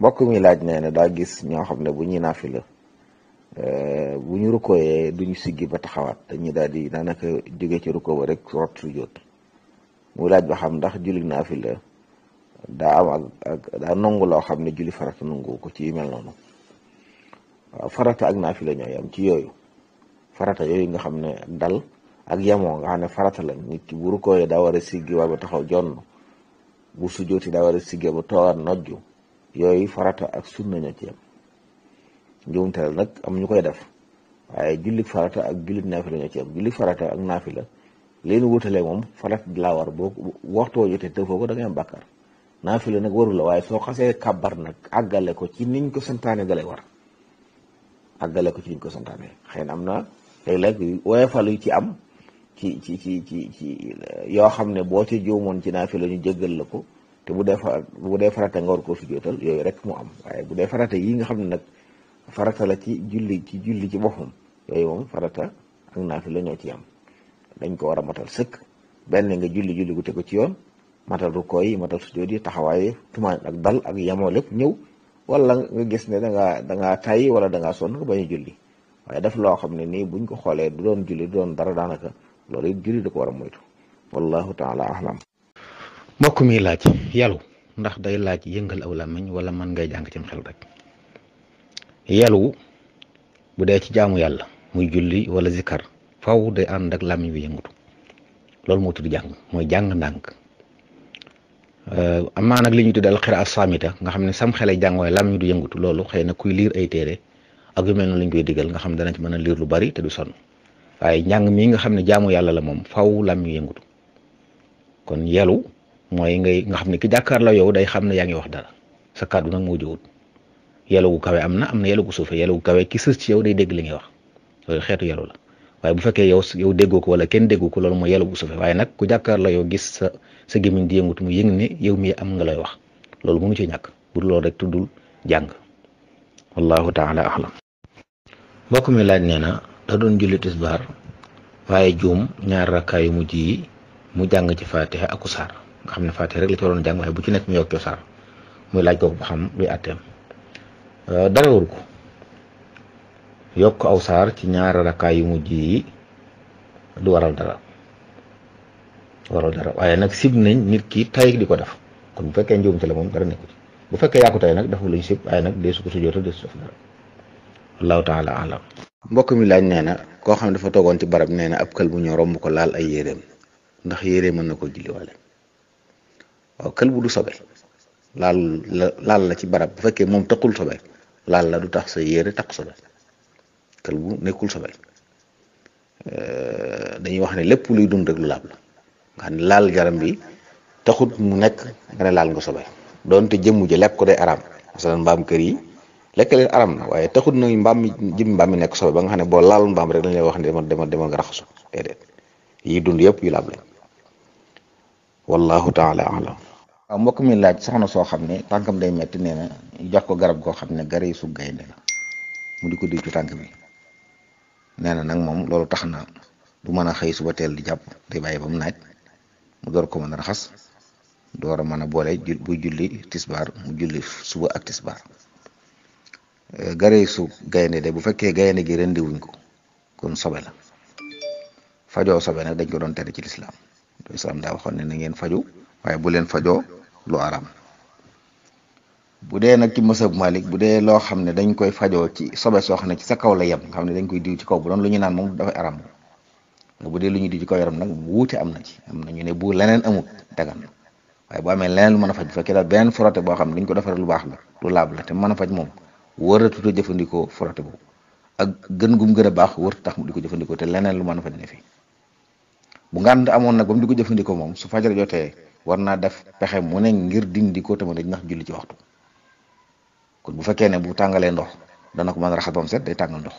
mbokk mi laaj nee na daa gis ñoo xam ne bu ñuy naafila euh, bu ñu rukkooyee duñu siggi ba taxawaat dañuy daal di daanaka ci rukkoo ba rek rot su jóot mu laaj ba xam ndax julli naafila daa am ak ak nangu loo xam ne julli farata nangu ko ci mel noonu waaw farata ak naafila ñooy am ci yooyu farata yooyu nga xam ne dal ak yemoo nga xam ne farata la nit ki bu rukkooyee daa siggi waa ba taxaw jonn bu sujooti daa war siggi ba toogaat nojju yooyu farata ak sunna ñoo ci yem njuumteel nag am ñu koy def waaye jullit farata ak jullit naafila ñoo ci yem jullit farata ak naafila leen wutale moom farata laa war boo waxtoo jotee te foo ko da ngay am bàkkaar naafila nag waaye soo xasee kàbbar nag àggale ko ci niñ ko santaane da war àggale ko ci niñ ko santaane xëy na am na léeg-léeg woyofal yu ci am ci ci ci ci ci yoo xam ne boo ci juumoon ci naafila ñu jéggal la ko te bu dee fa bu dee farata nga war koo jotal yoy rek mu am waye bu dee farata yi nga xamne nak farata la ci julli ci julli ci boppam yoy mom farata ak la ñoo ci am dañ ko wara matal sekk ben nga julli julli gu te ko ci yoon matal rukkoo koy matal sujjoot yi taxawaay ak dal ak yamo lepp ñew wala nga gis ne da nga da nga tay wala da nga son nga bañ a julli waye daf lo xamne ni buñ ko xolé du doon julli du doon dara danaka lolé julli da ko wara moytu wallahu taala alam. mbokk mi laaj yalu ndax day laaj yëngal aw làmmiñ wala man ngay jàng cim xel rek yalu bu dee ci jaamu yàlla muy julli wala zikar faw day ànd ak làmmiñ bi yëngatu loolu moo tudd jàng mooy jàng ndànk amaa nag li ñu tuddee alxiraa saamita nga xam ne sam xelay jàng waaye làmmiñ du yëngatu loolu xëy na kuy liir ay téere ak yu mel noonu lañ koy digal nga xam dana ci mën a liir lu bari te du sonn waaye njàng mii nga xam ne jaamu yàlla la moom faw làmmiñ yëngatu mooy ngay nga xam ne ki jàkkaar la yow day xam ne yaa ngi wax dara sa kàddu nag moo jowut yàlla kawe am na am na yàlla gu suufee yàlla gu kawe ki sës ci yow day dégg li ngay wax loolu xeetu yàlla la waaye bu fekkee yow yow déggoo ko wala kenn déggoo ko loolu mooy yàlla gu suufee waaye nag ku jàkkaar la yow gis sa sa gémmiñ di yëngut mu yëng ne yow mi am nga lay wax loolu mënu ci ñàkk bu dul loolu rek tuddul jàng wallahu taala alam mbokk mi laaj nee na da doon julli tisbaar waaye juum ñaar rakkaay yu mujj yi mu jàng ci faatiha ak saar nga xam ne Faatiha rek la ci waroon jàng waaye bu ci nekk mu yokk saar muy laaj kooku bu xam luy àtteem euh, dara waru ko yokk aw saar ci ñaari rakkaay yu mujj yi du waral dara waral dara waaye nag sib nañ nit ki tay di ko def kon bu fekkee njuumte la moom dara nekku bu fekkee yaa ko nag defu lañ sib waaye nag dee su ko de dee su def dara wallahu taala alam mbokk mi laaj nee na koo xam ne dafa toogoon ci barab nee na ab kël bu ñëw ko laal ay yéreem ndax yéree mën na ko julliwaale waaw kël bu du sobe laal la ci barab bu fekkee moom taxul sobe laal la du tax sa yére taq sobe kël bu nekkul sobe euh, dañuy wax ne lépp luy dund rek lu laab la nga xam ne laal jaram bi taxut mu nekk nga ne laal nga sobe doonte jëm ji lekk ko day araam masalan mbaam kër yi lekk leen aram na waaye taxut na mbaam mi jëm mbaam nekk sobe ba nga xam ne boo laaloon mbaam rek lañ wax ne demal demal demal nga raxasu déedéet yi dund yëpp yu laab lañ wallahu taala alam waaw mbokk mi laaj soxna soo xam ne tànkam day metti nee na jox ko garab goo xam ne gare su gaynde la mu di ko diw ci tànk bi nee na nag moom loolu tax na du mën a xëy suba teel di jàpp day bàyyi ba naaj mu ko mën a raxas door a mën a boole buy julli tisbaar mu julli suba ak tisbaar euh, gare su gaynde de bu fekkee gaynde gi rendiwuñ ko kon sobe la fajoo sobe nag dañ ko doon tere ci lislaam islam daa waxoon ne na ngeen faju waaye bu leen fajoo lu araam bu dee nag ci mësab Malik bu dee loo xam ne dañ koy fajo ci sobe soo xam ne ci sa kaw la yem nga xam ne dañ koy diw ci kaw bu doon lu ñu naan moom dafay araam bu dee lu ñu diw ci kaw yaram nag wuute am na ci am na ñu ne bu leneen amut dagan waaye boo amee leneen lu mën a faj bu fekkee beneen frotté boo xam ne dañ ko defaree lu baax la lu te mën a faj moom wëratuta jëfandikoo frotté bo ak gën gum gën a baax wër tax mu di ko jëfandikoo te leneen lu man a faj ne bu ngand amon nak bam mu di ko jëfandikoo su fajar jotee warna def pexé mu ne ngir dindi ko dañ ndax julli ci waxtu kon bu fekké né bu tangalé ndox da nak man a bam set day tàngal ndox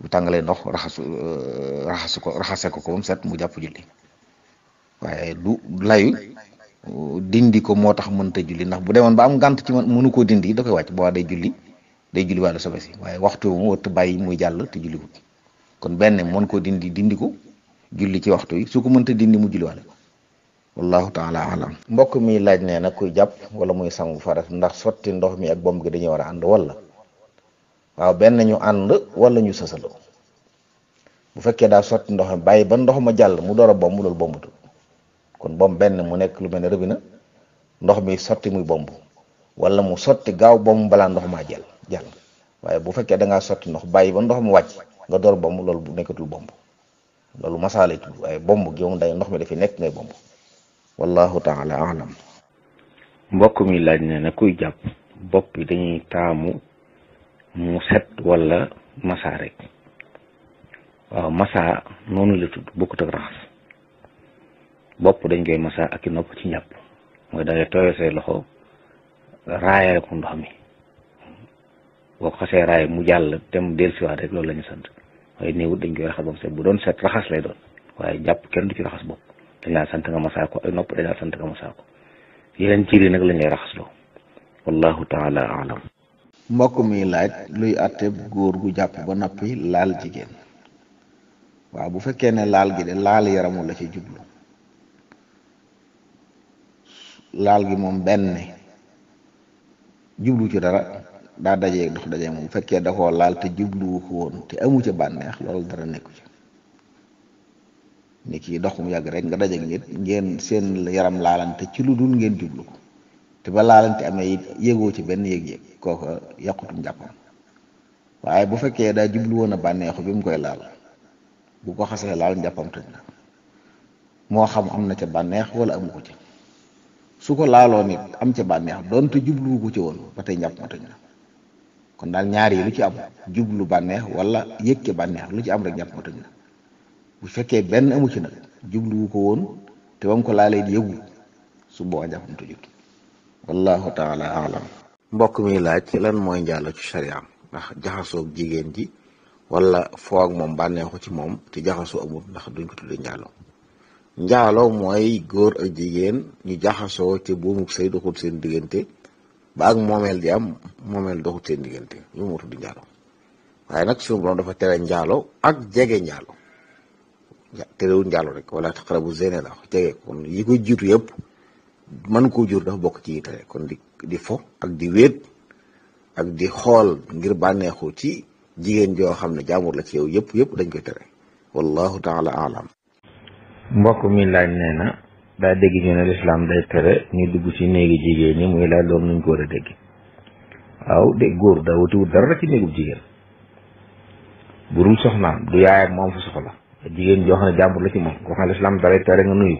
bu tangalé ndox raxasu euh, raxasu ko ko ko set mu japp julli waaye du layu dindi ko moo tax mënta julli nak bu demoon ba am gant ci man mënu ko dindi da koy wacc bo day julli day julli wàllu sobe si waaye waxtu bi mu ëtt bàyyi muy jàll te julliwut kon benn mën ko dindi dindi ko julli ci waxtu yi su ko mënta dindi mu walé ko wallahu taala alam mbokk mi laaj né nak kuy japp wala muy sangu farat ndax soti ndox mi ak bomb gi dañuy wara and wala waaw ben ñu and wala ñu sësalo bu fekke da soti ndox mi ba ndox ma jall mu bomb a bomb tu kon bomb ben mu nek lu melni ne rëbina ndox mi soti muy bomb wala mu soti gaaw bomb bala ndox ma jall jall waye bu fekke da nga soti ndox bàyyi ba ndox mu wacc nga dor bomb loolu bu nekatul bomb loolu masaa lay tudd waaye bomb gi moom day ndox mi dafi nekk ngay bomb wallahu taala alam mbokk mi laaj na ne kuy jàpp bopp bi dañuy taamu mu set wala masa waaw masa noonu la tudd dañ koy masa ak i nopp ci njàpp mooy da ngay tooyal say loxo raayale ko ndox mi boo ko xasee raay mu jàll dem dellusiwaat rek loolu la ñu sant waaye néewut dañ koy raxas ba mu set bu doon set raxas lay waaye jàpp du ci raxas bopp dañ laa sant nga masaa ko ay nopp dañ laa sant nga masaa ko yeneen ciir yi nag lañ lay raxasloo wallahu taala alam mbokk mi laaj luy àtteeb góor gu jàpp ba noppi laal jigéen waaw bu fekkee ne laal gi de laal yaramu la ci jublu laal gi moom benn jublu ci dara daa dajee ndox daje moom bu fekkee da koo laal te jubluwu ko woon te amu ca bànneex loolu dara nekku ca ni kii dox mu yàgg rek nga daje ngeen ngeen seen yaram laalante ci lu dul ngeen jublu ko te ba laalante amee yégoo ci benn yëg-yëg kooku yàqutum jàppam waaye bu fekkee daa jublu woon bànneexu bi koy laal bu ko xasee laal njàppam toj na moo xam am na ca bànneex wala amu ko ca su ko laaloon it am ca bànneex doonte jubluwu ko ci woon ba tey njàpp kon daal ñaar yi lu ci am jublu bànneex wala yëkke bànneex lu ci am rek jàpp ma tëj fekkee benn amu ci nag jubluwu ko woon te wam ko laalee di yëgul su boobaa jàpp ma tëjut wallahu taala alam lan mooy njàll ci sariyaam ndax jaxasoog jigéen ji wala foo moom bànneexu ci moom te jaxasoo amul ndax duñ ko tudde njaaloo njaaloo mooy góor ak jigéen ñu jaxasoo te buumuk say doxul seen diggante ba ak moomeel di am moomeel doxut seen diggante loolu moo tudd njaalo waaye nag suñu borom dafa tere njaalo ak jege njaalo terewul njaalo rek wala taqrabu zina la jege kon yi ko jiitu yëpp mën koo jur dafa bokk ci yi tere kon di di ak di wéet ak di xool ngir bànneexu ci jigéen joo xam ne jaamur la ci yow yëpp yëpp dañ koy tere wallahu taala alam mbokk mi laaj nee daa dégg ñu ne lislaam day tere ñu dugg ci néegi jigéen ñi muy laaj doom nuñ ko war a dégg waaw de góor daa wutiwut dara ci néegub du yaay ak moom fa soxla jigéen joo xam la ci moom koo xam ne lislaam dalay tere nga nuyu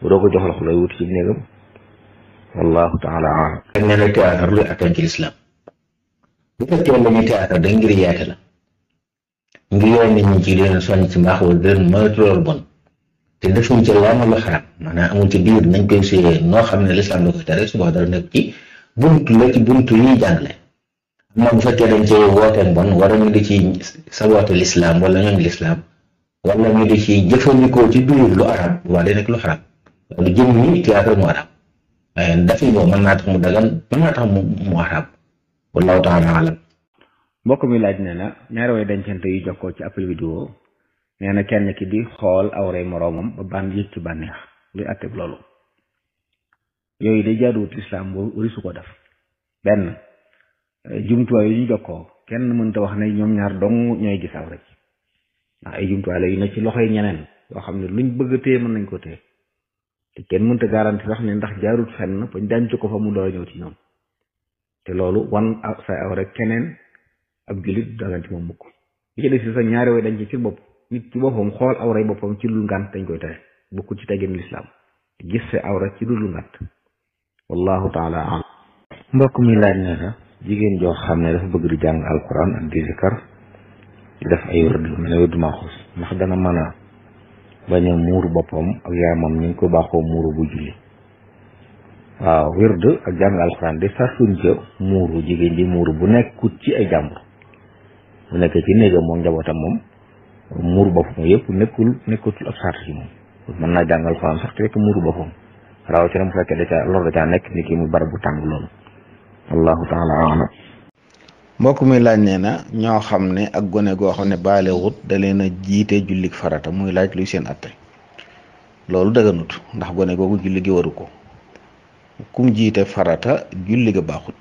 ko doo ko wuti ci néegam wallahu taala alam dañ ne la théâtre luy atteindre l'islam bu fekkee la ñuy théâtre dañ ngir yaate la ngir yoon nit ñi ci leen soññ ci mbaax wala leen moytu loolu bon te deful ci loo ma lu xaraam maanaam amul ci biir nañ koy suyee noo xam ne lislaam la koy tere su ko dara nekk ci bunt la ci bunt yi ñuy jàngale moom bu fekkee dañ ci wooteeg bon wala ñu di ci saboote lislaam wala ñoom lislaam wala ñu di ci jëfandikoo ci biir lu araam bu baax day nekk lu xaraam lu jëm ni théâtre mu araam waaye dafay boobu mën naa tax mu dagan mën naa tax mu mu araam wallahu alam mbokk mi laaj ne la ñaari way dencante yu jokkoo ci appel vidéo neena kenn ki di xol awre moromam ba ban yëg ci banex luy atté lolu yoy day jadu islam bo uri suko def ben jumtu yu ñu jokkoo kenn ta wax ne ñom ñaar dong ñoy gisaw rek ci ay jumtu la yu na ci loxay ñeneen yo xam luñ bëgg té mën nañ ko té te kenn ta garantie sax ne ndax jaarut fenn dañ ci ko fa mu do ñëw ci ñom te lolu wan sa awra keneen ab julit daganti moom mukk li ci des sa ñaari way dañ ci ci bop nit ci boppam xool awray boppam ci dul ngànt dañ koy tere bokkul ci tegin lislaam gis sa awra ci dul ngànt wallahu taala alam mbokk mi laaj ne jigéen joo xam ne dafa bëgg di jàng alquran ak di zikar di ndax dana mën a muuru boppam ak yaramam ko baaxoo muuru bu waaw wird ak jàng jigéen ji muuru bu nekkut ci ay jàmbur bu nekk ci néegam moom njabootam moom muur boppam yëpp nekkul nekkatul ab sart ci moom mën naa jàngal xuraan sax te fekk muuru boppam rawatina mu fekkee da caa lor da nekk ni kii mu barab bu tàng loolu allahu taala alam mbokk mi laaj nee na ñoo xam ne ak gone goo xam ne baale wut da leen a jiite jullik farata muy laaj luy seen atte loolu dëgganut ndax gone googu julli gi waru ko kum jiite farata julli ga baaxut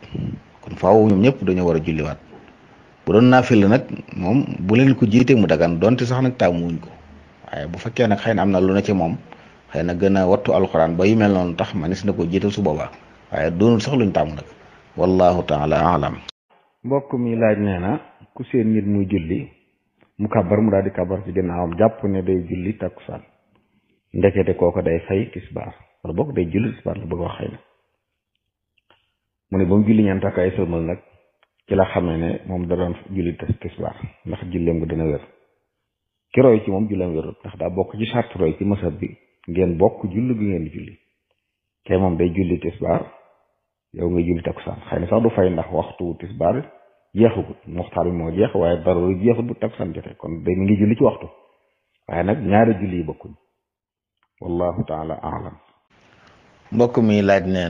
kon faaw ñoom ñëpp dañoo war a julliwaat bu doon naafila nak mom bu len ko jité mu dagan donte sax nak tamuñ ko waye bu fekkee nak xeyna amna lu na ci mom xeyna gëna wattu alquran ba yu mel non tax manis na ko jité su boba waye doonul sax luñ taamu nak wallahu taala alam mbokk mi laaj neena ku seen nit muy julli mu kàbbar mu daldi di ci ginnaawam japp ne day julli takusan ndekete koko day fay kisbar wala bok day julli kisbar la bëgg wax xëy na julli ñan takay ci la xamé ne mom da doon julli tes ndax jullem nga dina wér ki roy ci mom jullem wër ndax da bok ci charte roy ci masab bi ngeen bok jullu bi ngeen julli te mom day julli tisbaar yow nga julli takusaan xëy na sax du fay ndax waxtu tisbaar jeexagut waxtaan bi moo jeex waaye dara jeexut bu takusaan jote kon day mi ngi julli ci waxtu waye nak ñaara julli yi bokkuñ wallahu taala alam mbokk mi laaj nee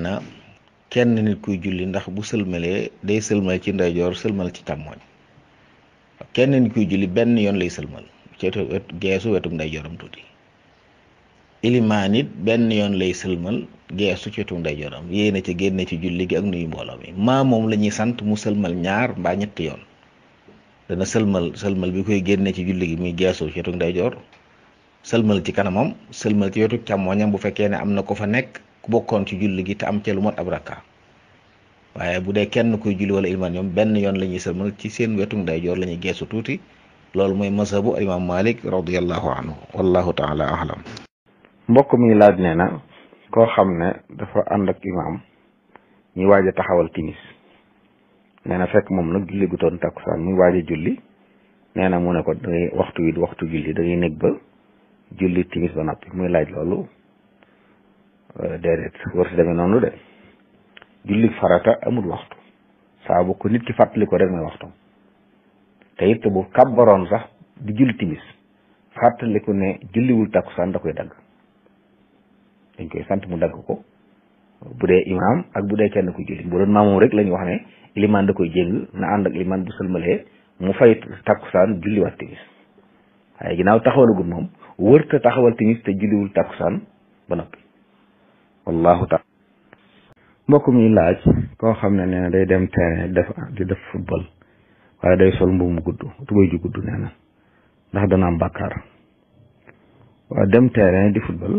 kenn nit kuy julli ndax bu sëlmalee day sëlmal ci ndeyjoor sëlmal ci càmmooñ kenn nit kuy julli benn yoon lay sëlmal ci wetu geesu wetu ndeyjooram tuuti ilimaan it benn yoon lay sëlmal geesu ci wetu ndeyjooram yéena ci génne ci julli gi ak nuyu mbooloo mi maa moom la ñuy sant mu sëlmal ñaar mbaa ñetti yoon dana sëlmal sëlmal bi koy génne ci julli gi muy geesu ci wetu ndeyjoor sëlmal ci kanamam sëlmal ci wetu càmmooñam bu fekkee ne am na ko fa nekk ku bokkoon ci julli gi te am ca lu mot ab waaye bu dee kenn kuy julli wala ilman ñoom benn yoon la ñuy ci seen wetu ndeyjoor la ñuy geesu tuuti loolu mooy masabu imam malik radiallahu anhu wallahu taala ahlam mbokk mi laaj nee na koo xam ne dafa ànd ak imam ñuy waaj a taxawal timis nee na fekk moom nag julli gu toon takkusaan muy waaj a julli nee na mu ne ko dangay waxtu wi waxtu julli dangay nekk ba julli timis ba noppi muy laaj loolu déedéet war si demee noonu de jullik farata amul waxtu saa ko nit ki fàttali ko rek mooy waxtu te it bu kàbbaroon sax di julli timis fàttaliku ne julliwul takkusaan da koy dagg dañ koy sant mu dagg ko bu dee imaam ak bu dee kenn ku julli bu doon maamoom rek la wax ne limaan da koy jéng na ànd ak limaan bu sëlmalee mu fay takkusaan julliwaat timis waaye ginnaaw taxawalagul moom wërta taxawal timis te julliwul takkusaan ba noppi wallahu taala mbokk mi laaj koo xam ne nee day dem terrain def di def football waaye day sol mbubb mu gudd tubéy ju gudd nee ndax dana am bàkkaar waaw dem terrain di football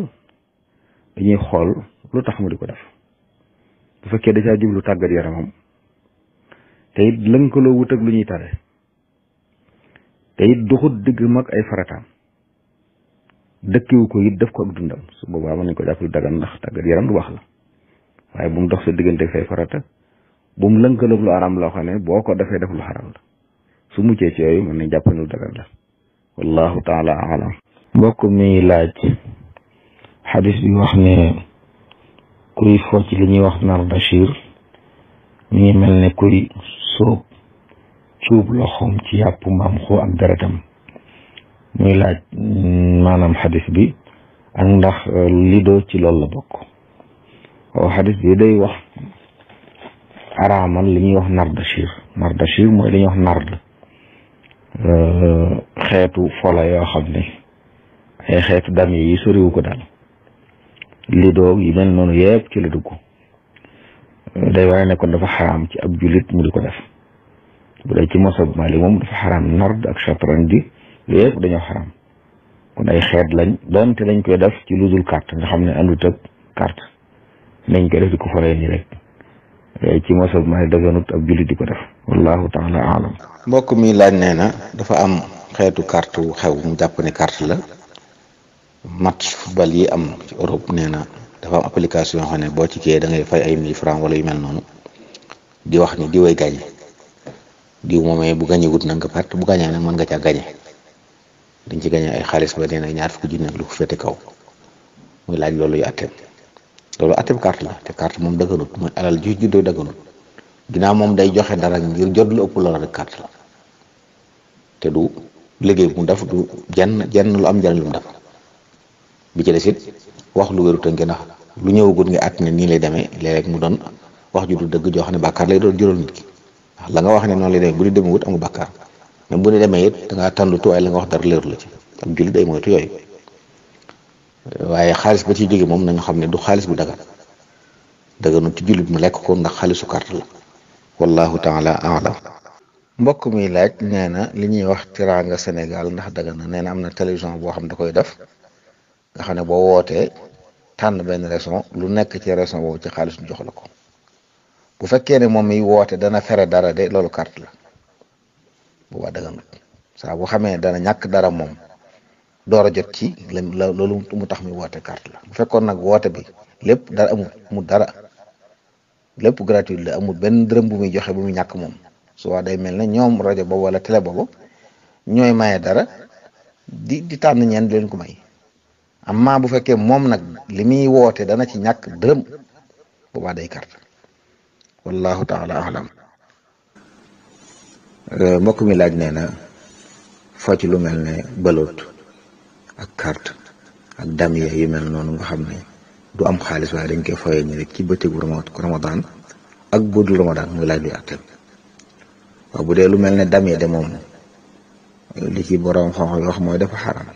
dañuy xool lu tax mu di ko def bu fekkee da caa jublu tàggat yaramam te it lënkaloo wut lu ñuy tare te it duxut digg mag ay farataam dëkkewu ko it def ko ak dundam su boobaa mën nañ ko jàpp lu dagan ndax tàggat yaram lu baax la waaye bu mu dox sa diggante say farata bu mu lënkaloog lu araam loo xam ne boo ko defee def lu xaram la su muccee ci yooyu mën nañ jàpp ne lu dagan la wallahu taala alam mbokk mi laaj xadis bi wax ne kuy fo ci li ñuy wax nar bachir mi ngi mel ne kuy sóob cuub loxoom ci yàpp mbaam am ak deretam muy laaj maanaam xadis bi ak ndax li doo ci loolu la bokk waaw xadis bi day wax araamal li ñuy wax nardashir nardashir mooy li ñuy wax nard xeetu fola yoo xam ne ay xeetu dam yi soriwu ko daal li doo yi mel noonu yëpp ci la dugg day wane ne kon dafa xaram ci ab julit mu di ko def bu dee ci mosa bu Maalik moom dafa xaram nard ak chatran di yëpp dañoo xaram kon ay xeet lañ doonte dañ koy def ci lu dul carte nga xam ne àndut ak carte nañ koy def di ko foree nii rek eh, ci mosab ma ne daganut ab jullit di ko def wallahu mbokk mi laaj nee na dafa am xeetu carte wu xew mu jàpp ne carte la match football yi am ci Europe nee na dafa am application yoo boo ci kiyee da ngay fay ay mille wala yu mel noonu di wax ni di way gàñe diw moomee bu gàñewut na nga perte bu gàñee nag mën nga caa gàñe dañ ci gañe ay xaalis ba nee a ñaar fukki junni ak lu ko féete kaw muy laaj loolu yu atteem loolu atteem carte la te carte moom daganut mooy alal ju juddoo daganut ginnaaw moom day joxe dara ngir jot lu ëpp loola rek carte la te du liggéey bu mu def du jenn jenn lu am njëriñ lu mu def bi ci wax lu wérut a ngi ndax lu ñëwagul nga at ne nii lay demee léeg-léeg mu doon wax ju dëgg joo xam ne bàkkaar lay doo jural nit ki ndax la nga wax ne noonu lay demee bu di demewut amul bàkkaar ne bu ñu demee it da ngaa tàndutu waaye la nga wax dara leer la ci ab jullit day moytu yooyu waaye xaalis ba ciy jóge moom nañu xam ne du xaalis bu daga daganu ci jullit mu lekk ko ndax su carte la wallahu taala alam mbokk mi laaj nee na li ñuy wax teraanga Sénégal ndax dagan na nee na am na télévision boo xam da koy def nga xam ne boo wootee tànn benn raison lu nekk ci raison boobu ci xaalis ñu jox la ko bu fekkee ne moom miy woote dana fere dara de loolu cart la boobaa daganut saa bu xamee dana ñàkk dara moom door a jot ci la loolu mu tax mi woote carte la bu fekkoon nag woote bi lépp dara amul amul dara lépp gratuit la amul benn dërëm bu muy joxe bu muy ñàkk moom su waa day mel ne ñoom rajo boobu wala tele boobu ñooy maye dara di di tànn ñeen di leen ko may amma bu fekkee moom nag li muy woote dana ci ñàkk dërëm boobaa day carte wallahu taala alam Euh, mbokk mi laaj nee na foo ci lu mel ne baloot ak carte ak damier yu mel noonu nga xam ne du am xaalis waaye dañ koy fayee ni rek ci bëccëgu ramadan ak budul ramadan muy laaj luy àtteem waaw bu dee lu mel ne damier de moom li ci boroom xam-xam yi wax mooy dafa xaram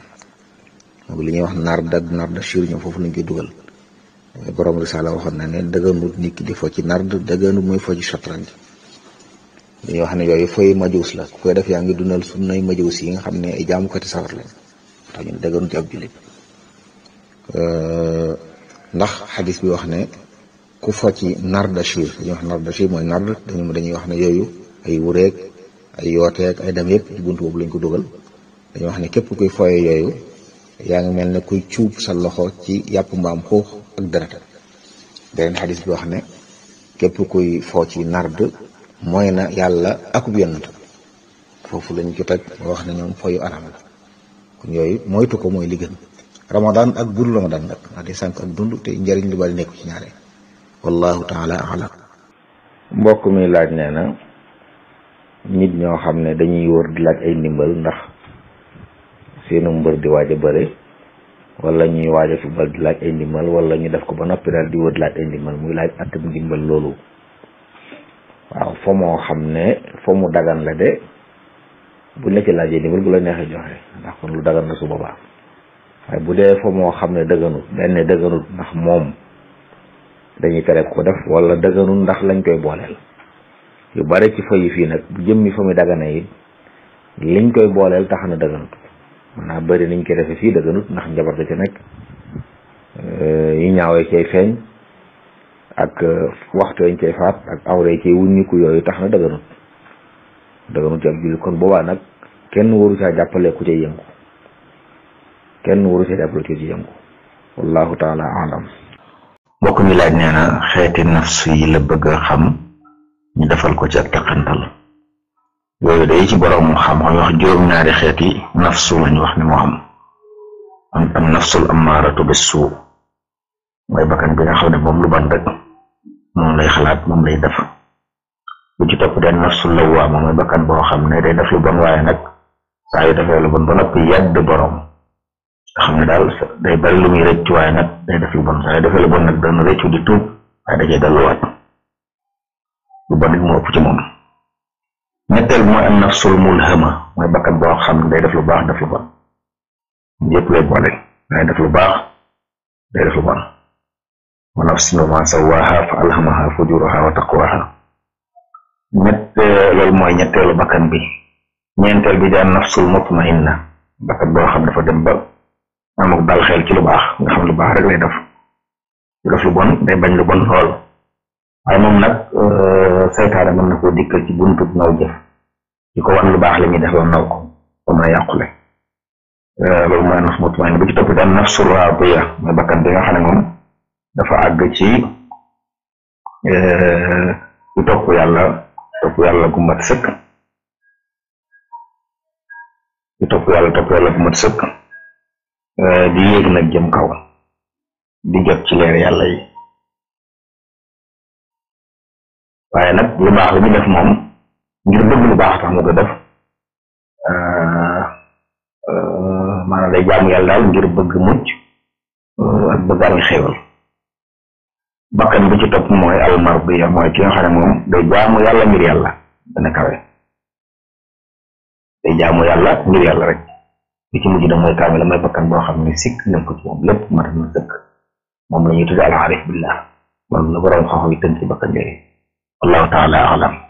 moom li ñuy wax nar da nar da sur ñoom foofu lañ koy dugal borom risala waxoon na ne dëgganut nit ki di fo ci nard dëgganut muy fo ci dañuy wax ne yooyu fooy majuus la ku koy def yaa ngi dundal sunnay majuus yi nga xam ne ay jaamukati sawar lañ tax ñun dëgganu ndax xadis bi wax ne ku fa ci nardashir dañuy wax nardashir mooy nard dañu dañuy wax ne yooyu ay wureeg ay yooteeg ay dem yëpp ci buntu boobu lañ ko dugal dañuy wax ne képp kuy fooye yooyu yaa ngi mel ne kuy cuub sa loxo ci yàpp mbaam xuux ak deret beneen xadis wax ne képp kuy foo ci nard mooy na yàlla akub yonantam foofu lañ ko teg wax ne ñoom foyu aram la moytu ko mooy li gën ak budul ramadan nag ndax di sànq ak dund te njëriñ lu bari nekku ci ñaare wallahu taala alam mbokk mi laaj nee na nit ñoo xam ne dañuy wër di laaj ay ndimbal ndax seenu mbër di waaj a bëre wala ñuy waaj a football di laaj ay ndimbal wala ñu def ko ba noppi daal di wër di laaj ay ndimbal muy laaj atam ndimbal loolu waaw fo moo xam ne fo mu dagan la de bu nekkee ci laajee ni bu la neexee joxe ndax kon lu dagan la su boobaa waaye bu dee fo moo xam ne dëgganut benn dëgganut ndax moom dañuy tere ko def wala dëgganut ndax lañ koy booleel yu bare ci fo yi fii nag bu yi fa muy dagana yi liñ koy booleel tax na dëgganut naa bari nañ koy defee fii dëgganut ndax njabar da ca nekk eh, yi ñaawee cay feeñ ak euh, waxtu yañ cay faat ak awra yi cay wuññiku yooyu tax na daganut daganut ci kon boobaa nag kenn waru caa jàppale ku yëngu kenn waru caa jàppale ku cay yëngu wallahu taala alam mbokk mi laaj nee na xeeti nafsu a xam defal ko ci ak lañu wax ni moo am am am nafsul amaaratu bis suu mooy bakkan bi nga xam ne moom lu ban rek moom lay xalaat moom lay def bu ci topp den nafsul lawwaama mooy bakkan boo xam ne day def lu bon waaye nag saa yu defee lu bon ba noppi yàgg boroom nga xam ne daal day bari lu muy rëcc waaye nag day def lu bon saa yu defee lu bon nag dana rëccu di tuub waaye dajee delluwaat lu bon it moo ëpp ci moom ñetteel mooy am nafsul mulhama mooy bakkan boo xam ne day def lu baax def lu bon yëpp lay boole day def lu baax day def lu bon wa nafsin ma sawaha fa alhamaha fujuraha wa taqwaha ñett loolu mooy ñetteelu bakkan bi ñeenteel bi daan nafsul mutmainna bakkan boo xam dafa dem ba amuk dal xel ci lu baax nga xam lu baax rek lay def lu def lu bon day bañ lu bon lool waaye moom nag euh, saytaane mën na koo dikkal ci buntu naw jëf di wan lu baax la ñuy def naw ko ba mën a yàqule euh, loolu mooy naf mutmain bu ci topp daan nafsul raadiya mooy bakkan bi nga xam ne dafa àgg ci eh, topp yàlla topp yàlla gu mat sëkk yàlla topp yàlla gu eh, di yéeg nag jëm kaw di jot ci leer yàlla yi waaye nag lu baax li mu def moom ngir bëgg lu baax tax mu ko def eh, maanaam day jaamu yàlla daal ngir bëgg mucc ak bëgg am bakkan bi ci topp mooy almar bi ki nga xam moom day jaamu yàlla ngir yàlla dana kawe day jaamu yàlla ngir yàlla rek bi ci na da mooy kaamil la mooy bakkan boo xam ne sikk nañ ko ci moom lépp moom la ñuy tudde al arif billah moom la borom xam-xam yi tënk taala alam